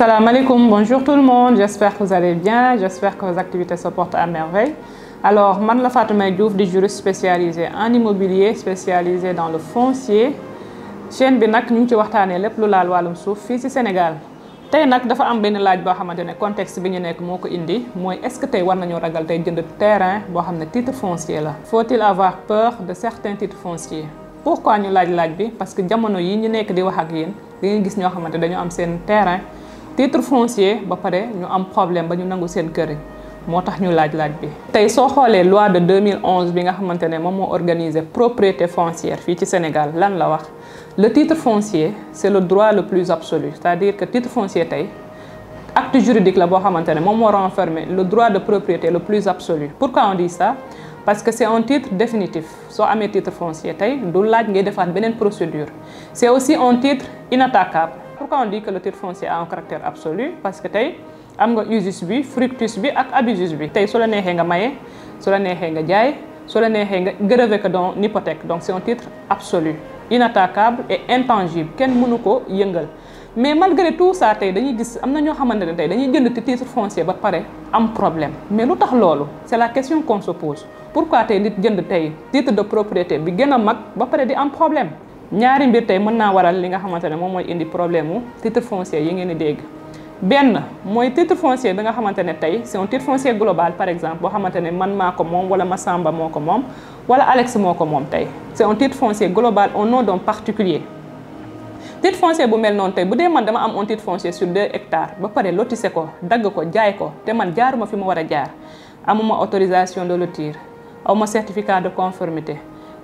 Salam alaikum, bonjour tout le monde, j'espère que vous allez bien, j'espère que vos activités se portent à merveille. Alors, je la Fatima Diouf, juriste spécialisé en immobilier, spécialisé dans le foncier. chaîne bi nous ñu de ci waxtaanee lépp lu laal wàllum suuf ci Sénégal tey nag dafa am benn laaj boo contexte bi ñu nekk moo indi mooy est-ce que tey war nañoo ragal tey terrain pour un titre foncier la. faut-il avoir peur de certains titres fonciers. pourquoi ñu laaj laaj bi parce que jamono yi ñu nekk di wax ak yéen da ngay gis ñoo xamante dañoo am seen terrain titre foncier ba paré ñu am problème ba ñu nangu seen kër motax ñu laaj laaj bi. loi de 2011 bi nga xamantene organiser propriété foncière fi ci Sénégal lan la le titre foncier c'est le droit le plus absolu c'est-à-dire que le titre foncier un acte juridique la bo le droit de propriété le plus absolu pourquoi on dit ça parce que c'est un titre définitif avez un titre foncier vous du laaj ngay procédure c'est aussi un titre inattaquable pourquoi on dit que le titre foncier a un caractère absolu parce que tey am nga usus bi fructus bi ak abusus bi tey su la neexee nga maye su la neexee nga jaay su la que dans une hypothèque donc c'est un titre absolu inattaquable et intangible Ken ne ko yëngal mais malgré tout ça tey dañuy gis am na ñoo xamante ne dañuy jënd titre foncier ba am problème mais lu tax c'est la question qu'on se pose pourquoi tey nit jënd tey titre de propriété bi gën un mag ba problème ñaari mbir tay mën naa waral li nga xamante ne moom mooy indi problème titre foncier yi ngeen di dégg benn mooy titre foncier bi nga xamante ne tey c'est un titre foncier global par exemple boo xamante ne man maa ko moom wala Masamba moo ko moom wala Alex moo ko moom tey c'est un titre foncier global au nom d'un particulier titre foncier bu mel noonu tey bu dee man dama am un titre foncier sur deux hectares ba pare lotissé ko dagg ko jaay ko te man jaaruma fi mu war a jaar amuma autorisation de lotir awma certificat de conformité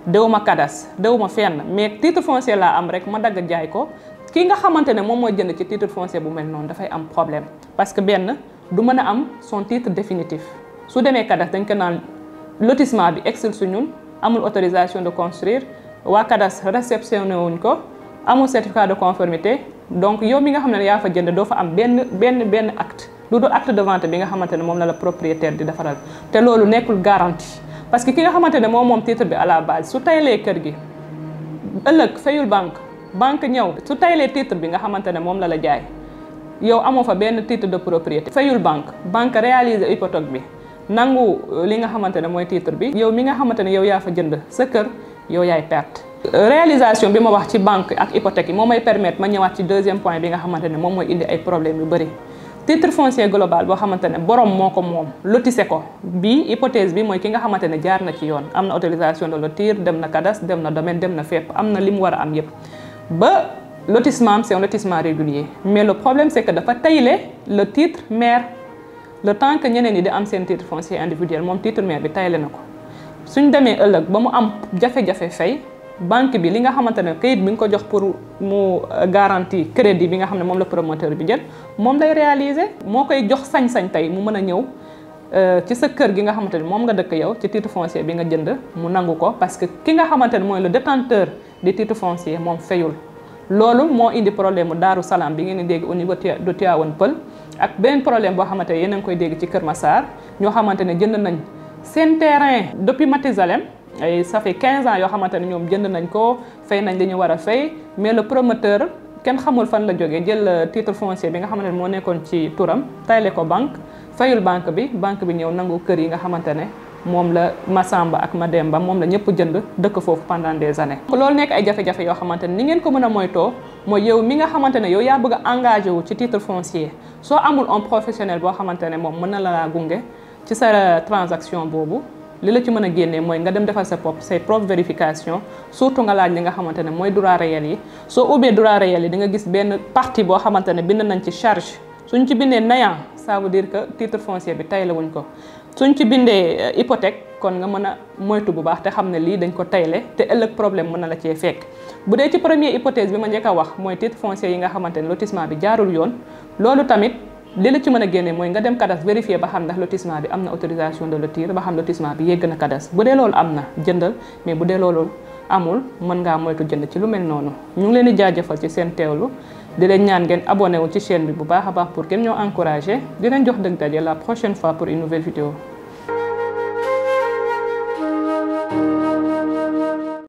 dewuma kadas dewuma fenn mais titre foncier la am rek ma dag jaay ko ki nga xamantene ne moom jënd ci titre foncier bu mel da fay am problème parce que ben du mën am son titre définitif su démé kadas dañ ko lotissement bi excel su ñun amul autorisation de construire wa kadas réceptionné wuñ ko amul certificat de conformité donc yow mi nga xam ya fa jënd do fa am ben ben ben acte du dul acte de vente bi nga xamantene ne la propriétaire di defaral té lolu nekkul garantie parce que ki nga xamante ne moom moom titre bi à la base su tay lee kër gi ëllëg fayul banque banque ñëw su taylee titre bi nga xamante ne moom la la jaay yow amoo fa benn titre de propriété fayul banque banque réaliser hypothèque bi nangu euh, li nga xamante ne mooy titre bi yow mi nga xamante ne yow yaa fa jënd sa kër yow yaay perte réalisation bi ma wax ci banque ak hypothèque yi moo may permettre ma ñëwaat ci deuxième point bi nga xamante ne moom mooy indi yu bëri titre foncier global bo xamante borom moko mom moom lotissé ko bi hypothèse bi moy ki nga xamante jaar na ci yoon amna autorisation de lotir dem na cadastre dem na domaine dem na fépp amna lim wara am yépp ba lotissement c'est un lotissement régulier mais le problème c'est que dafa taylé le titre maire le temps que ñeneen ni di am sen titre foncier individuel mom titre maire bi taylé na ko suñ demee ëllëg ba mu am jafé jafé fay banque bi li nga xamante ne kayit bi nga ko jox pour mu euh, garantie crédit bi nga xam ne moom la promoteur bi jël moom lay réaliser moo koy jox sañ-sañ tey mu mën a ñëw euh, ci sa kër gi nga xamante ne moom nga dëkk yow ci titre foncier bi nga jënd mu nangu ko parce que ki nga xamante ne mooy la détenteur du titre foncier moom fayul loolu moo indi problème mu Daaru Salaam bi ngeen di dégg au niveau de Tivaouane Peulh ak benn problème boo xamante ne yéen a ngi koy dégg ci Kër Massar ñoo xamante ne jënd nañ seen terrain depuis Matizalem ay ça fait 15 ans yoo xamante ne ñoom jënd nañ ko fay nañ dañu war a fay mais le promoteur kenn xamul fan la jógee jël euh, titre foncier bi nga xamante ne moo nekkoon ci turam tayle ko banque fayul banque bi banque bi ñëw nangu kër yi nga xamante ne moom la Masamba ak Mademba moom la ñëpp jënd dëkk foofu pendant des années. loolu nekk ay jafe-jafe yoo xamante ne ni ngeen ko mën a moytoo mooy yow mi nga xamante ne yow yaa bëgg a engagé wu ci titre foncier soo amul un professionnel boo xamante ne moom mën na la laa gunge ci sa euh, transaction boobu. li la ci mën a génnee mooy nga dem defal sa pop say propre vérification surtout nga laaj li nga xamante ne mooy droit réel yi soo ubbee droit réel yi di nga gis benn partie boo xamante ne bind nañ ci charge suñ ci bindee nayan ça veut dire que titre foncier bi tay la wuñ ko suñ ci bindee euh, hypothèque kon nga mën a moytu bu baax te xam ne lii dañ ko tayle te ëllëg problème mën na la cee fekk bu dee ci première hypothèse bi ma njëkk a wax mooy titre foncier yi nga xamante ne lotissement bi jaarul yoon tamit li la ci mën a génne mooy nga dem kadas vérifier ba xam ndax lotissement bi am na autorisation de lotir ba xam lotissement bi yegg na kadas bu dee loolu am na jëndal mais bu dee loolu amul mën ngaa moytu jënd ci lu mel noonu ñu ngi leen di jaajëfal ci seen teewlu di leen ñaan ngeen abonné wu ci chaîne bi bu baax a baax pour gën ñoo encourager di leen jox dëgg daje la prochaine fois pour une nouvelle vidéo